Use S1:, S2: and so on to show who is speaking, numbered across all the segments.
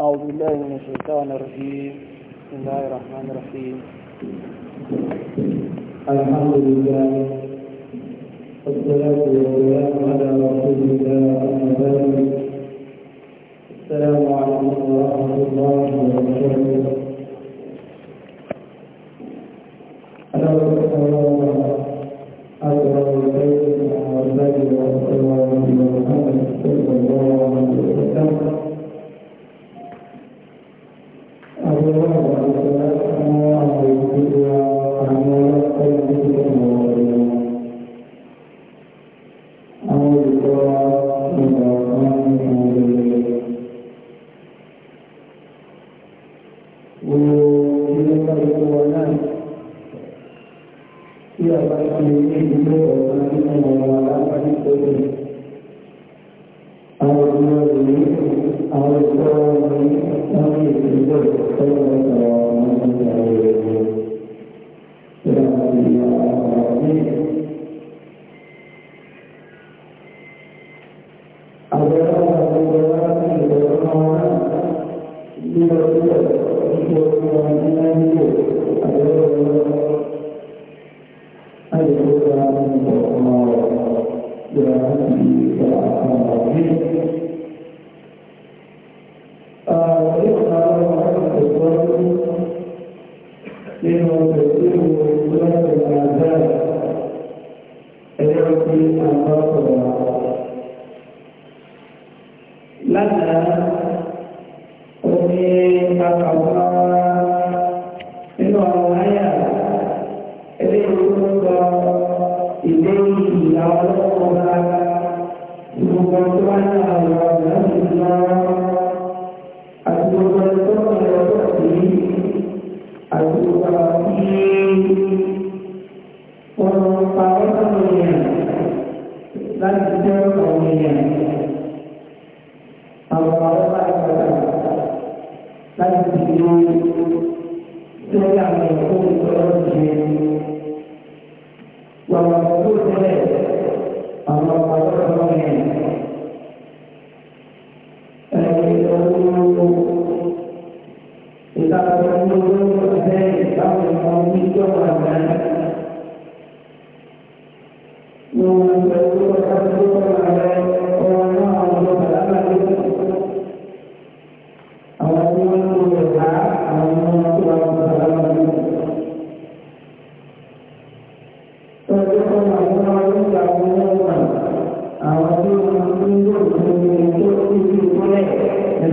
S1: أعوذ بالله من الشيطان الرجيم بسم الله الرحمن الرحيم الحمد لله والصلاة والسلام على رسول الله أما بعد السلام عليكم ورحمة الله وبركاته أنا أشكر
S2: الله محمد صلى الله عليه
S1: وسلم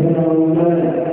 S1: فإنه لا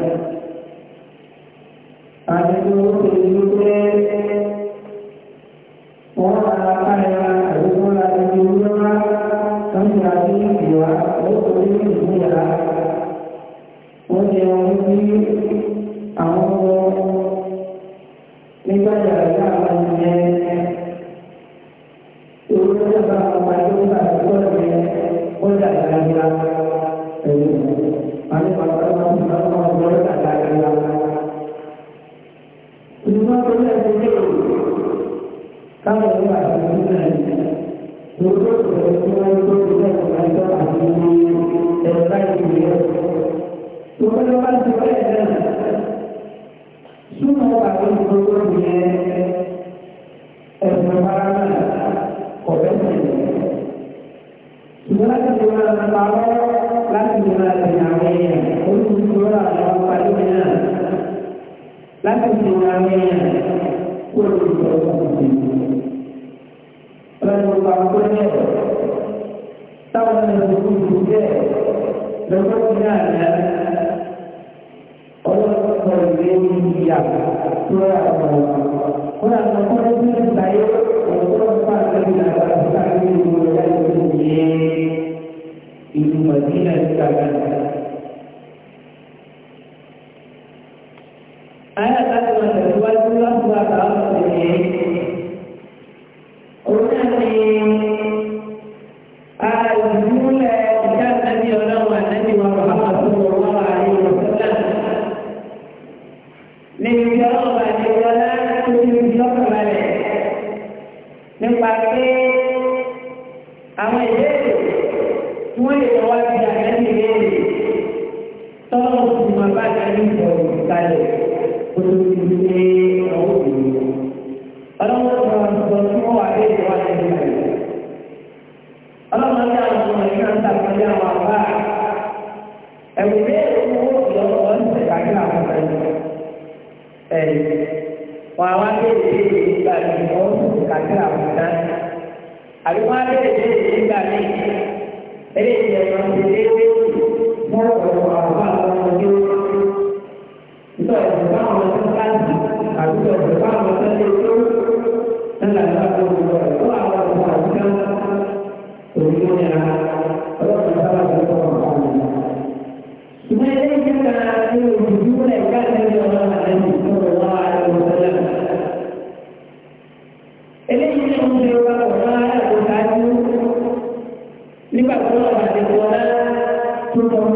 S1: Kalau Allah SWT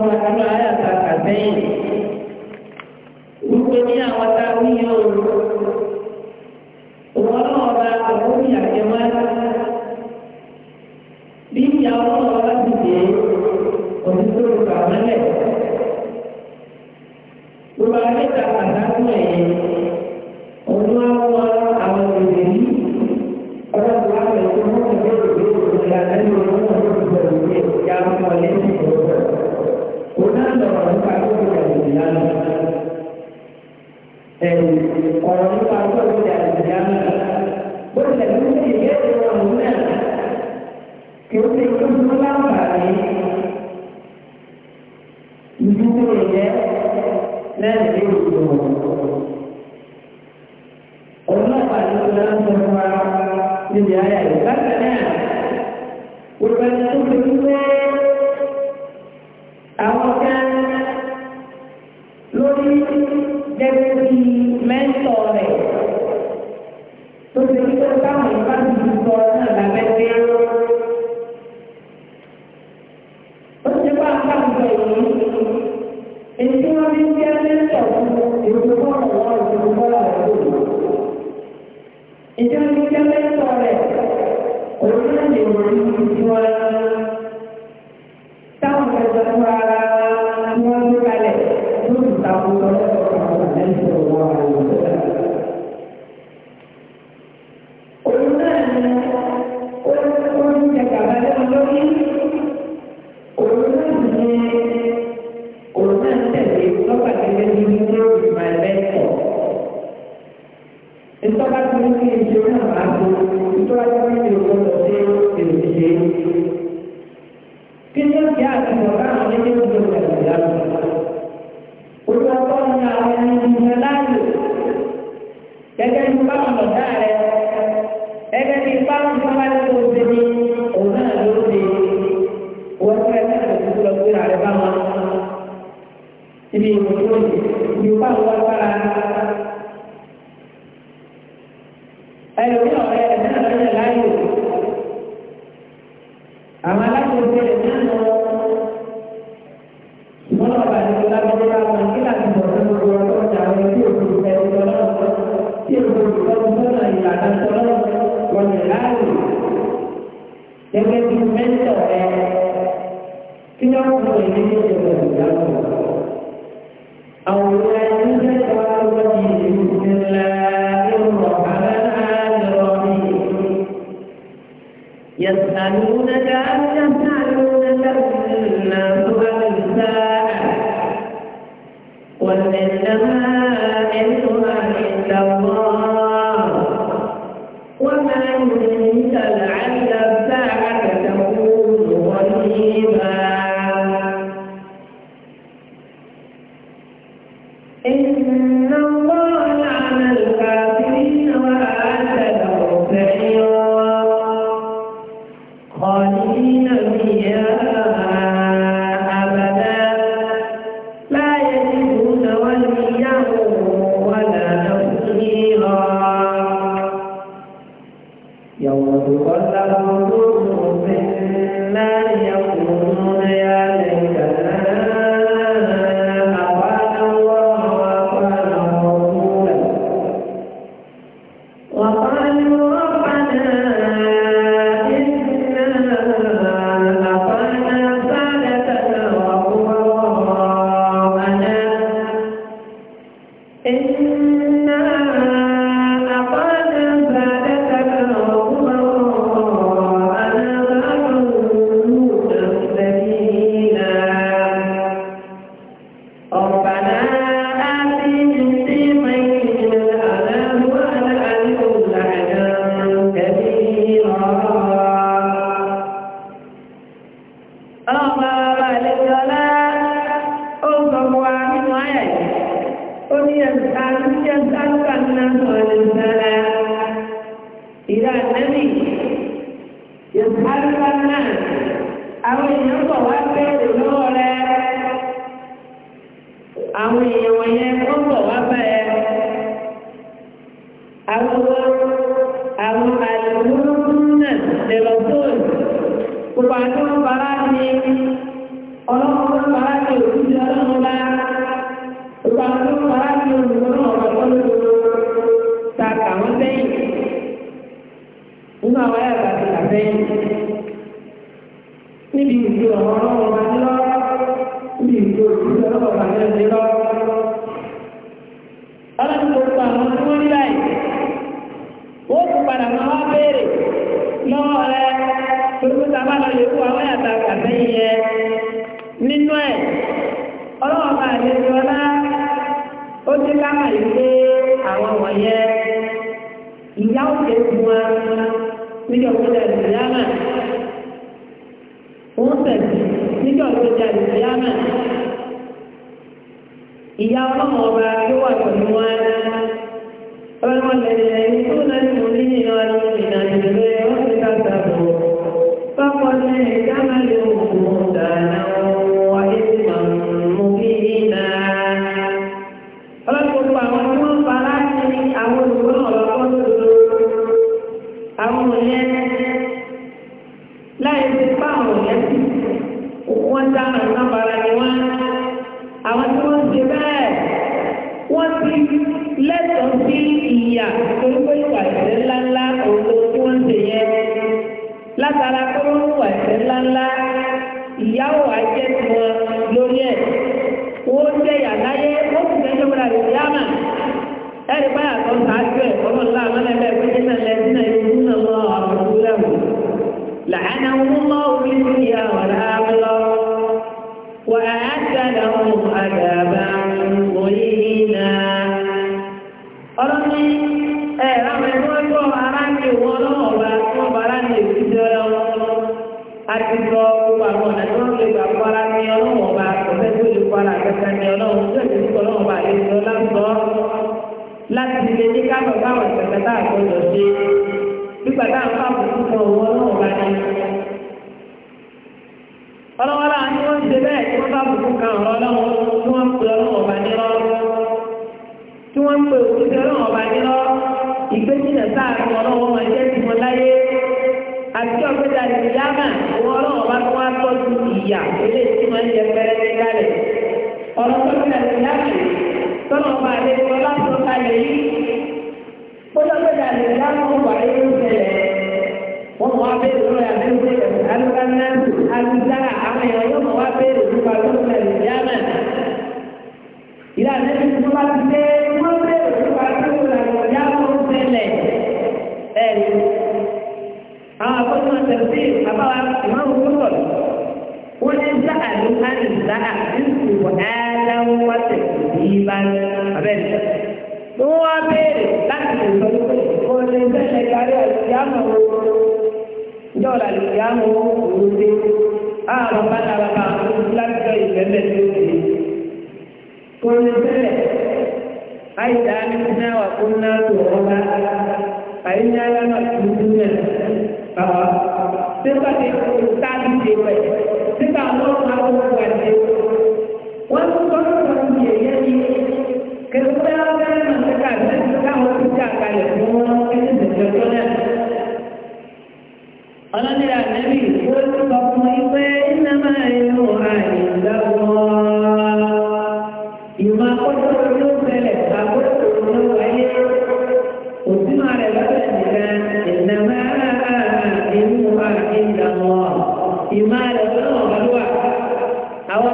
S1: wa kanu àyà ta kàtẹ́yìn wípé ní àwọn tá a wí yóò wọ́n àwọn òbí àjẹmọ́. لما يسألك الناس والسلام إلى النبي يسألك الناس أو يتوكل نوره àwọn èèyàn wọ̀nyẹn wọ́n bọ̀ wá bẹ́ẹ̀ àwọn àwọn àlùmọ́ọ́nù náà lè lọ sóòlù gbogbo àti wọn bá rà ní. ọ̀rọ̀ tó ní ẹ̀sìn láti tọ́nà ọba àdéhùn ọlọ́run tó kalẹ̀ yìí ó lọ́gbẹ̀dẹ̀ àdéhùn láwọn wà lórí àwọn èèyàn yóò mọ̀ wá bẹ́ẹ̀ lọ́rọ̀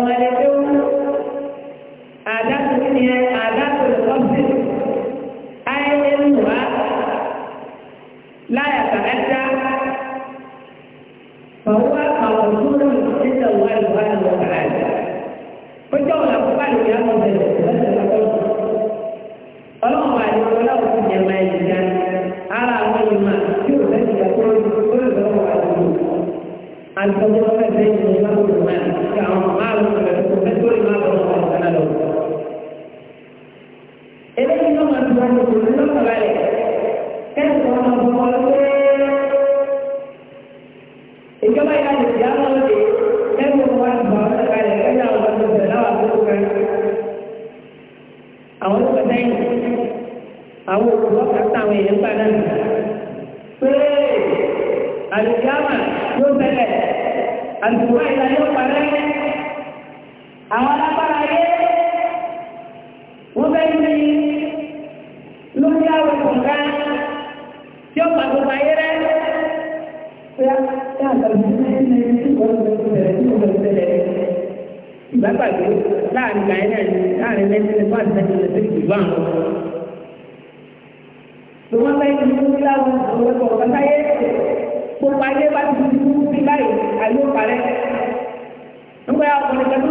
S1: ọmọdé tó àdá tó ní ẹ àdá tó lọ́sẹ̀.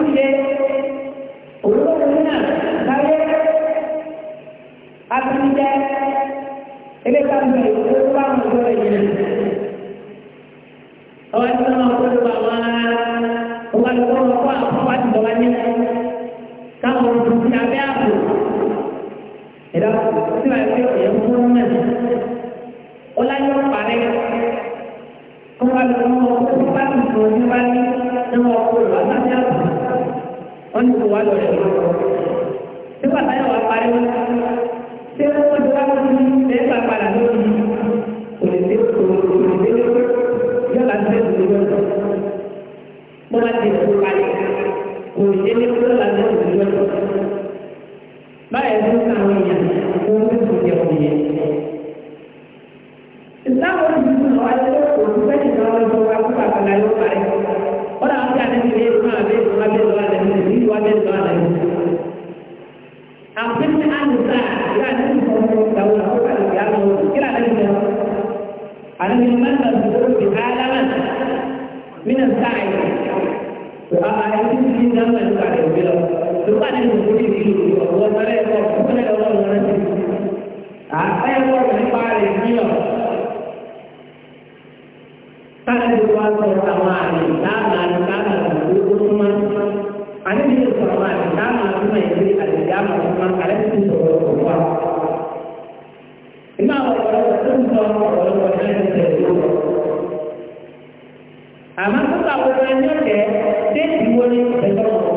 S1: ide urusan mana saya akan tidak ini sambil berulang berulang ini. Awak tak mahu berulang bukan berulang apa apa dengan ini. Kamu berusia berapa? lọ ṣe lọ́wọ́ ti sọ̀rọ̀ kò wá. Iná ọ̀rọ̀ ọ̀rọ̀ tó ń sọ ọ̀rọ̀ ọ̀rọ̀ náà ti tẹ̀ lọ́wọ́. Àmọ́ nípa àwọn ẹni ọ̀kẹ́ déètì wo ni ìtẹ̀tọ́ wọn.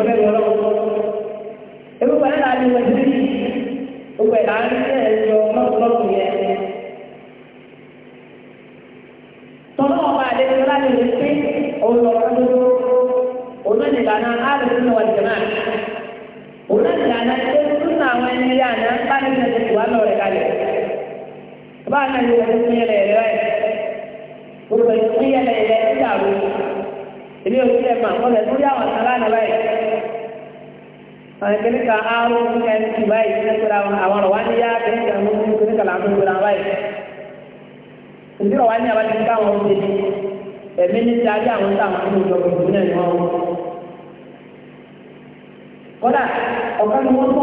S1: ìmọ̀lẹ́ yọ lọ́wọ́. Ebúkọ̀ náà láti wọ́n ti rí. Gbogbo ẹ̀ láti ẹ̀ yọ mọ́tò mọ́tò yẹn. darí àwọn táwọn nínú ìjọba ìlú náà ni wọ́n. ọ̀kan ni wọ́n tó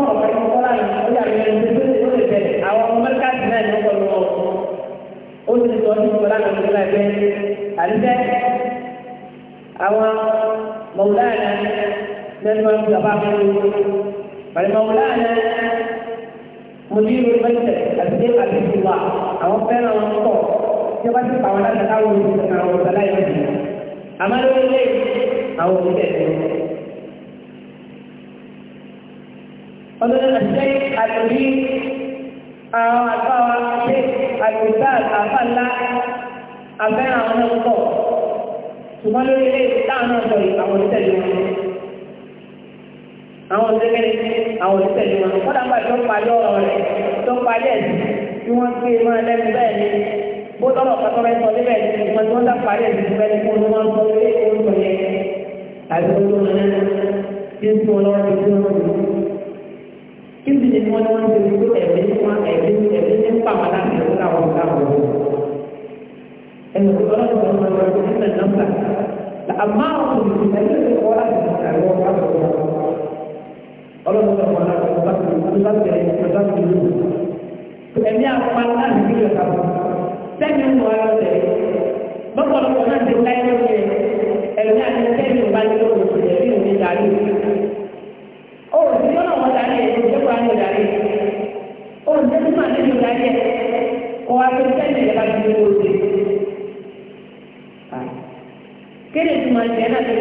S1: àwọn òṣèlú àwọn òṣèlú wọn kọ́dà ń bá tó ń parí ọ̀rọ̀ rẹ̀ tó ń parí ẹ̀sìn tí wọ́n gbé máa lẹ́nu bẹ́ẹ̀ ni bó tọ́lọ̀ pátọ́ bẹ́ẹ̀ sọ níbẹ̀ ni wọ́n ti wọ́n dá parí ẹ̀sìn bẹ́ẹ̀ ni wọ́n máa ń sọ pé ó ń sọ yẹn àbí wọ́n tó ń bí ń tún ọlọ́run tó ń tún kí n bìí ni wọ́n ní wọ́n ti rí ẹ̀mí wọn ẹ̀mí ẹ̀mí ní pàmàlà ẹ̀mí láwọn láwọn ẹ̀mí ọlọ́run tó ń sọ pé ó ń sọ ọlọ́run sọ̀rọ̀ wọn láti ọ̀gá tó ń bá tẹ̀ ọ̀gá tó ń lò. ẹ̀mí apá náà ní ìlú ẹ̀ka bọ̀. sẹ́ni ń wọ ayọ̀ tẹ̀. lọ́pọ̀lọpọ̀ náà ti ká ẹ̀rọ yẹ ẹ̀mí àti sẹ́ni ń bá ní lọ́wọ́ òṣèlú ẹ̀mí òní darí. ó ti yọ́nà wọn darí ẹ̀ ló dé wàá ní darí. ó ti tẹ́tí ní ìlú ẹ̀ kọ́ wa tó sẹ́ni ẹ̀ka ti ní oṣù. kéde tí mo ń jẹ́ náà tó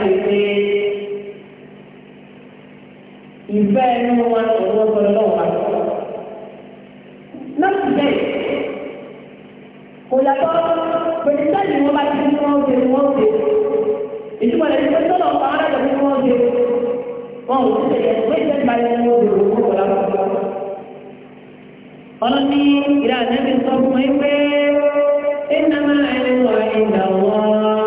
S1: ti gbé ìfẹ́ ẹni wọn òun ọgbọ́n lọ́wọ́ wa. láti bẹ́ẹ̀ kò yàtọ̀ pẹ̀lú sẹ́yìn wọn bá ti ní wọn ṣe wọn ṣe ìtumọ̀ lẹ́yìn pé tọ́lọ̀ pa ara jẹ̀ fún wọn ṣe wọn ò ti tẹ̀lé pé ìṣẹ́ ìgbà yẹn wọn ṣe wọn kò lábọ̀ ọ̀nà ní ìlànà sọ fún ẹ pé ẹ̀ ń wà ẹ̀ wọ́n.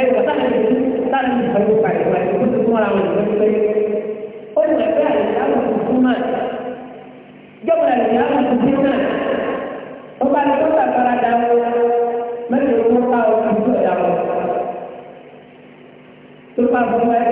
S1: ẹ̀rọ sáà ní sáà ní ìfọwọ́ pàdé wáyé kó tó fún ara wọn lọ́wọ́ pé ó lè fẹ́ àyíkáwọ̀ tuntun náà jọ́pọ̀ àyíkáwọ̀ tuntun náà ó bá ní kọ́ta fara dá wọn mẹ́rin ló ń bá wọn kí dá wọn tó bá fún wọn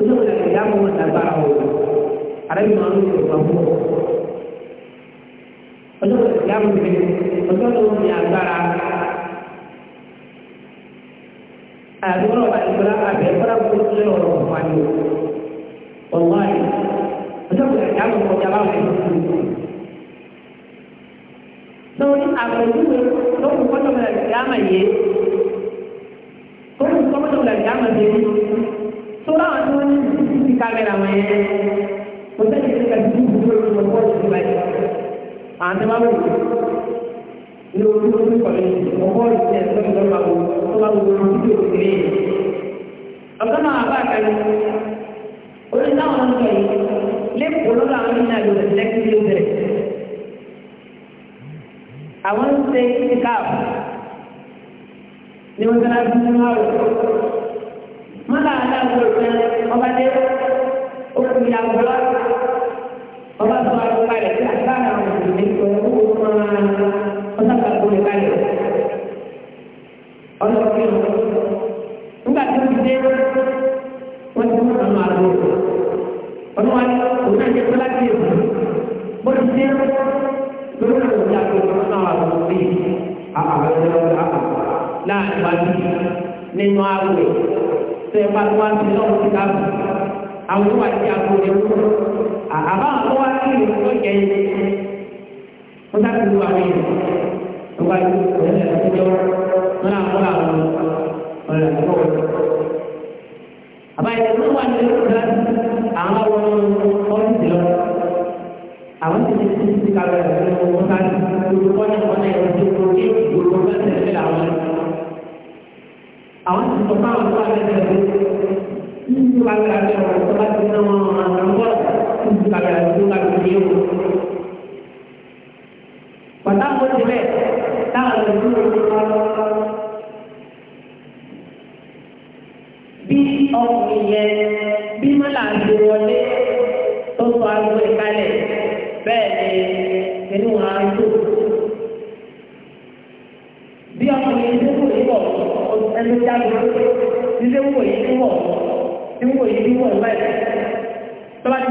S1: onígbà ìyá mọ̀ wọn dàgbára o àrẹ́bí máa ń lò ó pàmò ọjọ́ ìyá mọ̀ mi ọjọ́ tó ń mi agbára àdúrà wà ní ìgbàlá àbẹ̀ ìgbàlá kó tó lé ọ̀rọ̀ wà ní ọ̀wá yìí ọjọ́ ìyá mọ̀ kọjá báwọn ẹ̀ lórí àpèjúwe lókùn kọ́tọ̀ ìlànà ìyá mọ̀ yìí lókùn kọ́tọ̀ ìlànà ìyá yìí tó láwọn tí wọ́n ní títí kámẹ́rà wọn yẹn kò sẹ́ni tí wọ́n ti kú lórí ọmọ bọ́ọ̀lù tó báyìí àwọn tí wọ́n bá wù ní orí orí kọ̀lẹ́ ọmọ bọ́ọ̀lù tí ẹ̀ tó ń lọ́ọ́ máa wù tó máa wù lórí títí òkè lẹ́yìn. ọ̀gá náà bá àkàlù orí táwọn ń yìí lẹ́kọ̀ọ́ lọ́la àwọn ní àlọ́ lẹ́kìlì bẹ̀rẹ̀ àwọn ń ṣe kíkà ní wọ́n tẹ́lá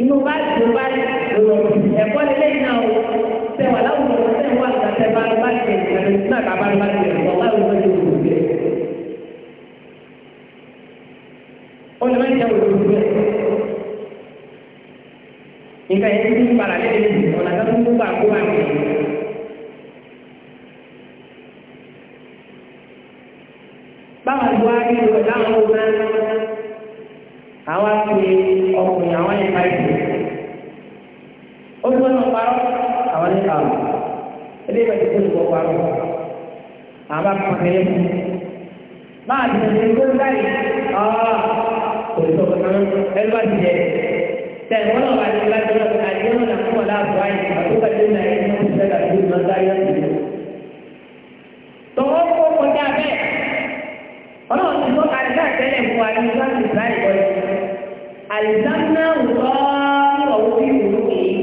S1: inú báyìí ló báyìí ló lọ ẹ̀kọ́ lé lẹ́yìn náà o ṣe wà láwùjọ ṣe wà ṣe bá ló bá ṣe ìṣẹ̀lẹ̀ náà bá bá ló bá ṣe ìṣẹ̀lẹ̀ wà láwùjọ ṣe òkú bẹ́ẹ̀. ó lè má jẹ́ òkú bẹ́ẹ̀. nǹkan yẹn ti ń para lẹ́yìn ọ̀nà tó ń gbà kó àmì. báwa ló wá rí ìrọ̀lá àwọn ọmọ náà àwọn àti ọkùnrin àwọn ní ìka ìpè ó ní wọn náà parọ́ àwọn ní ìka àwọn ilé ìgbà tí kò ní wọn parọ́ àwọn bá kọ́ kẹ́lẹ́ fún máa ti ṣe kó láì ọ́ kò ní sọ̀rọ̀ kan ẹlú bá ti jẹ tẹ̀wọ́n náà wà ní ìlàjọ́ náà àdéhùn náà fún ọ̀la àbúrò àyè àti ìlànà ẹ̀yìn náà ti fẹ́ àti ìlànà sáyẹ́ ọlọ́run ti sọ àdéhùn àtẹ́lẹ̀ fún wa ní ìlànà ìlànà ìkọ́lẹ̀ àlìsánná wùtọ́ ìrọ̀wọ́ bí ìlú yìí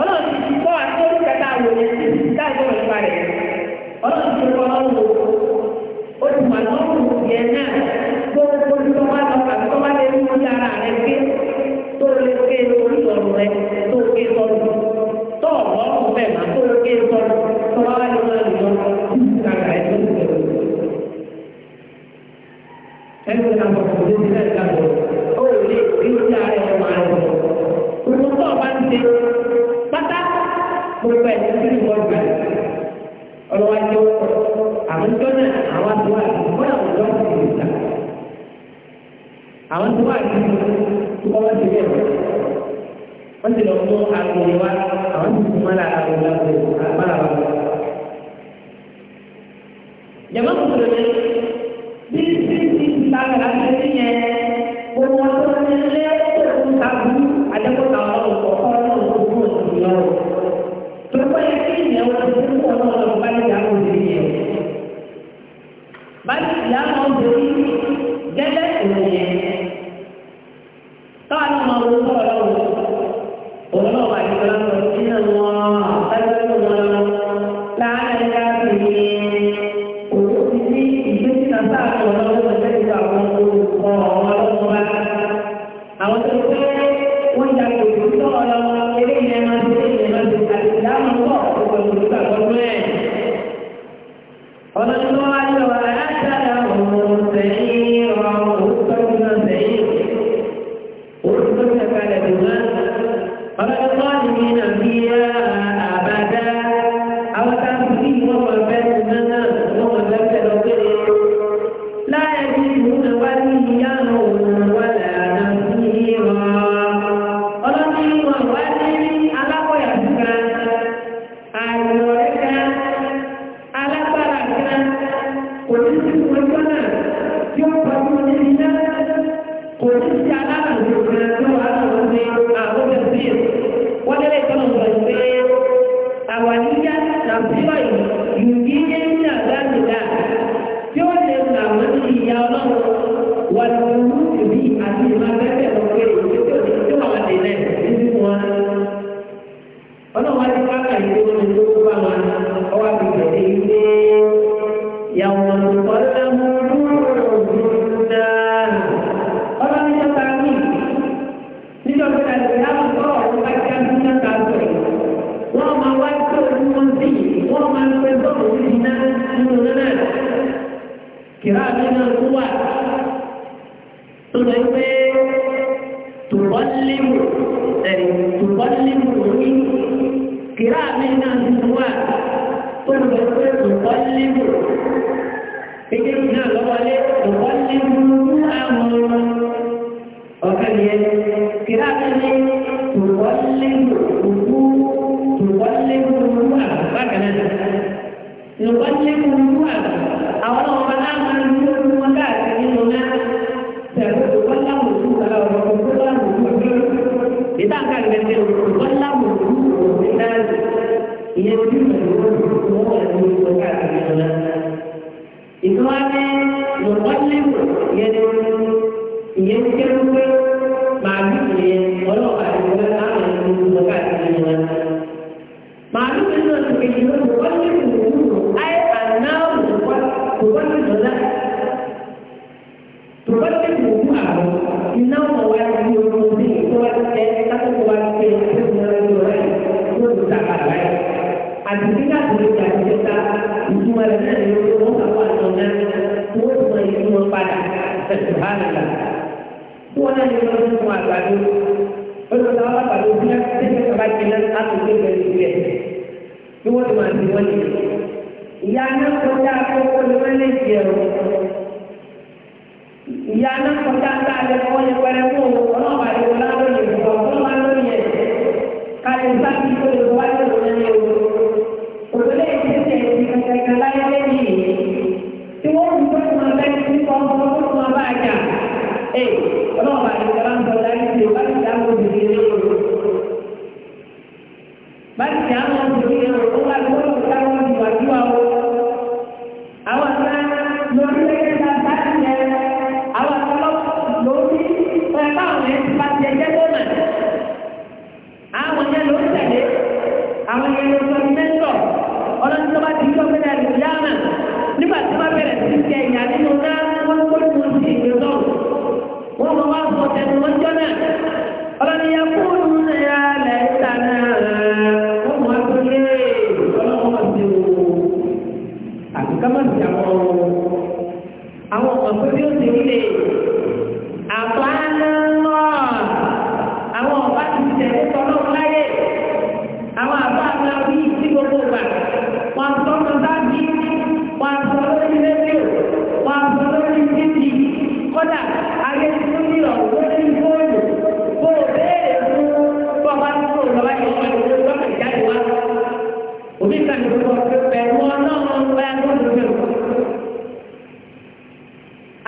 S1: ọlọ́run ti ti kọ́ àti orúkọ tá a wò ní káàkiri ọ̀rọ̀ nípa rẹ̀ ọlọ́run ti kọ́ ọ̀rọ̀ wò ó ti wà lọ́rùn yẹn náà gbogbo tó bá lọ tàbí tó bá lè mú ní ara rẹ̀ gbé tó lè gbé lórí ọ̀rọ̀ rẹ̀ tó gbé sọ́dún tó ọ̀rọ̀ bẹ̀ máa tó gbé sọ́dún tó bá wà lọ́wọ́ lọ́wọ́ kàkà ẹ̀ tó ń bẹ̀rù. ẹ gbogbo ẹ̀ dengan kuat. Tulaipe tuwallimu dari tuwallimu ini kira minat kuat. Tulaipe tuwallimu. Ikirna lawale tuwallimu amal. Oke dia kira minat tuwallimu. Nubat lembu buat, awal awal aman buat. dia tak akan kata walau dulu kita ia juga dulu semua yang dulu berkata dengan Allah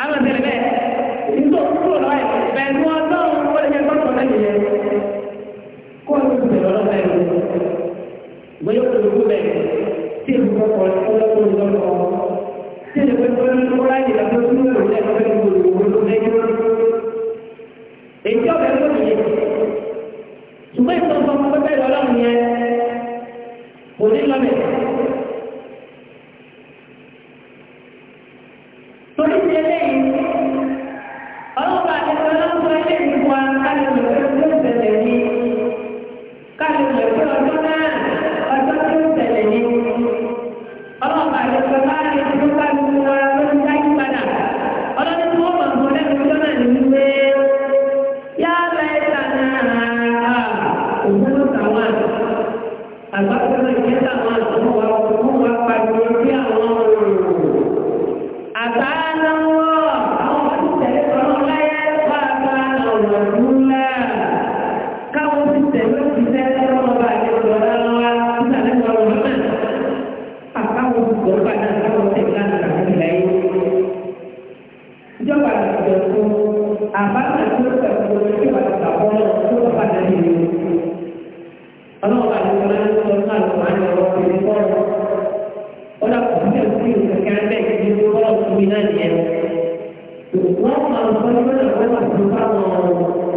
S1: àwọn ìbẹ̀rẹ̀ bẹ́ẹ̀ nítorí kúrò lọ́wọ́ ẹ̀ pẹ̀lú ọlọ́run wọ́n lè gbọ́ sọ yẹn kó o ti bẹ̀rẹ̀ ọlọ́run bẹ́ẹ̀ lọ yóò tó lóko bẹ́ẹ̀ tí èmi kọ́ kọ́ ọlọ́run lọ́wọ́ tí èmi kọ́ ọlọ́run láyé lọ́wọ́ tí mo lè lọ́wọ́ tí mo lè lọ́wọ́ lẹ́yìn èyí ọ̀bẹ̀ lọ́wọ́ yẹn ṣùgbọ́n ìtọ́jú ọmọ bẹ́ẹ̀ lọ́wọ́ yẹn ọ̀sán ìgbẹ́lẹ̀ ọ̀sán ìgbẹ́lẹ̀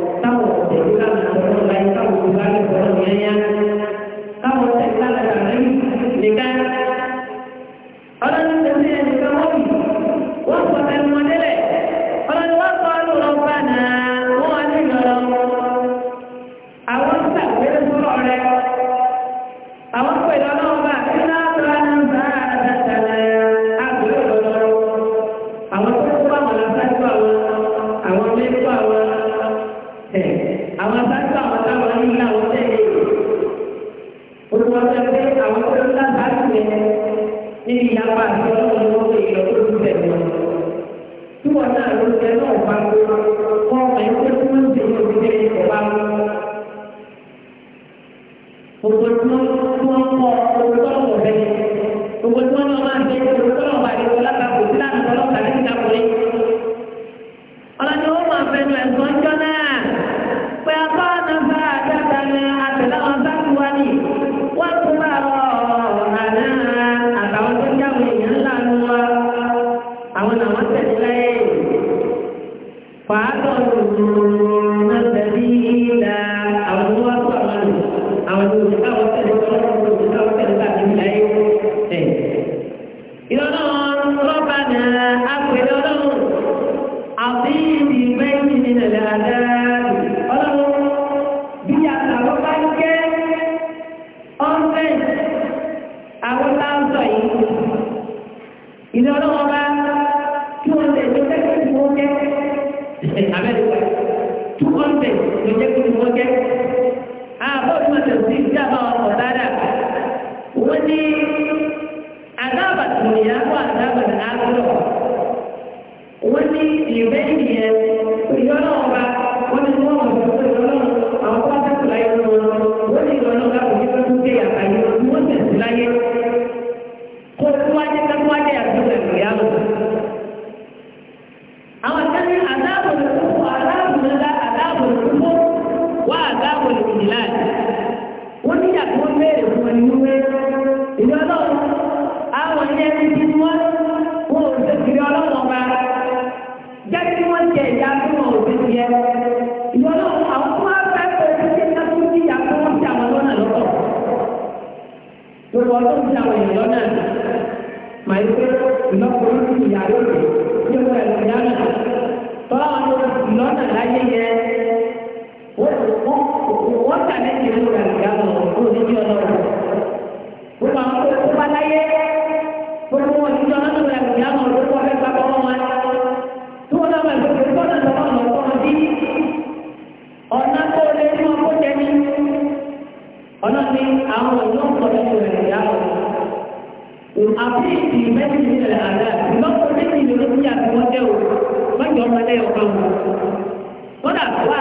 S1: àbí wọ́n dà wá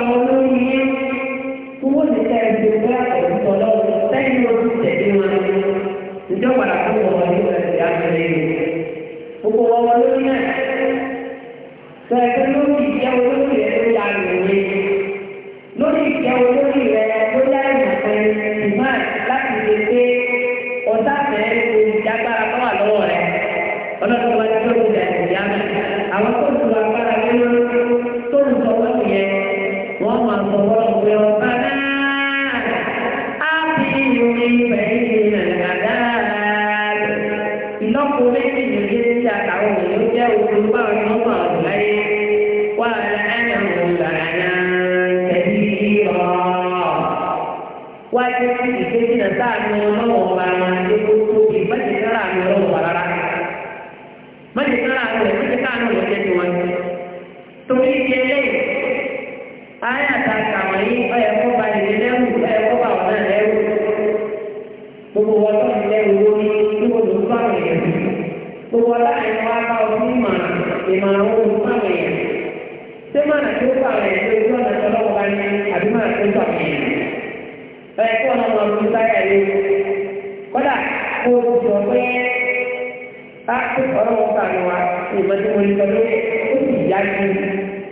S1: Thank you.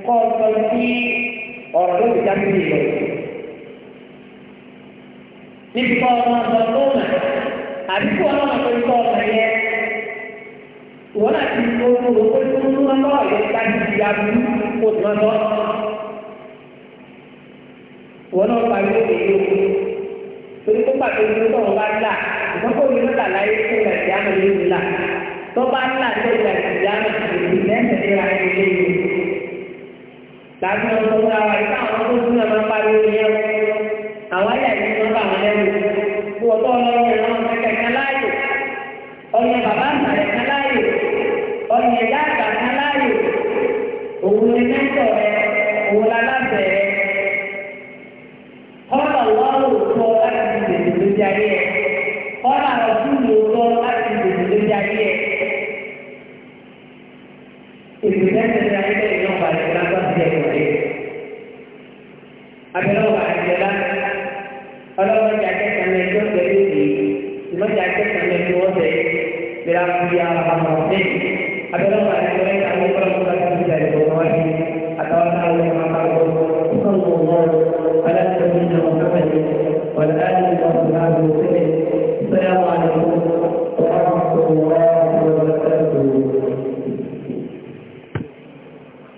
S1: kọ́ ọ̀sán sí ọ̀rọ̀ tó ti dájú ní ìlọ. Níbi kọ́ ọmọ ọ̀sán tó mà àbí kí ọmọ ọ̀sán tó kọ́ ọmọ yẹ. Wọ́n náà ti kó owó tó tó tó máa lọ́wọ́ yẹ láti fi aburú kó tó máa lọ. Wọ́n náà parí ó lè yóò torí kó pàtó ìlú tó wọn bá ń là ìfọ́nkó mi ló là láyé fún ìgbà ìyá mi ló ń là tó bá ń là tó ìgbà ìyá mi ló ń lẹ́sẹ̀ ní ara ẹni lé yìí láti ọdún tó ra wa ìta àwọn tó tún náà máa ń pariwo àwọn ayé àti ìjọba àwọn ẹrù kí wọ́n ọlọ́run ẹ̀rọ kẹ̀kẹ́ kan láàyò ọ̀yẹ̀ bàbá àtàlẹ̀ kan láàyò ọ̀yẹ̀ ìyá àgbà kan láàyò òun ni mẹ́tọ̀ rẹ òun lálábẹ̀ rẹ kọ́lá ọlọ́run tó láti lè lórí ayé ẹ̀ kọ́lá ọdún ló lọ